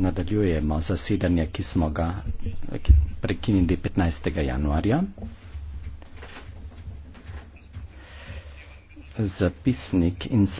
Nadaljujemo zasedanje, ki smo ga prekinili 15. januarja. Zapisnik in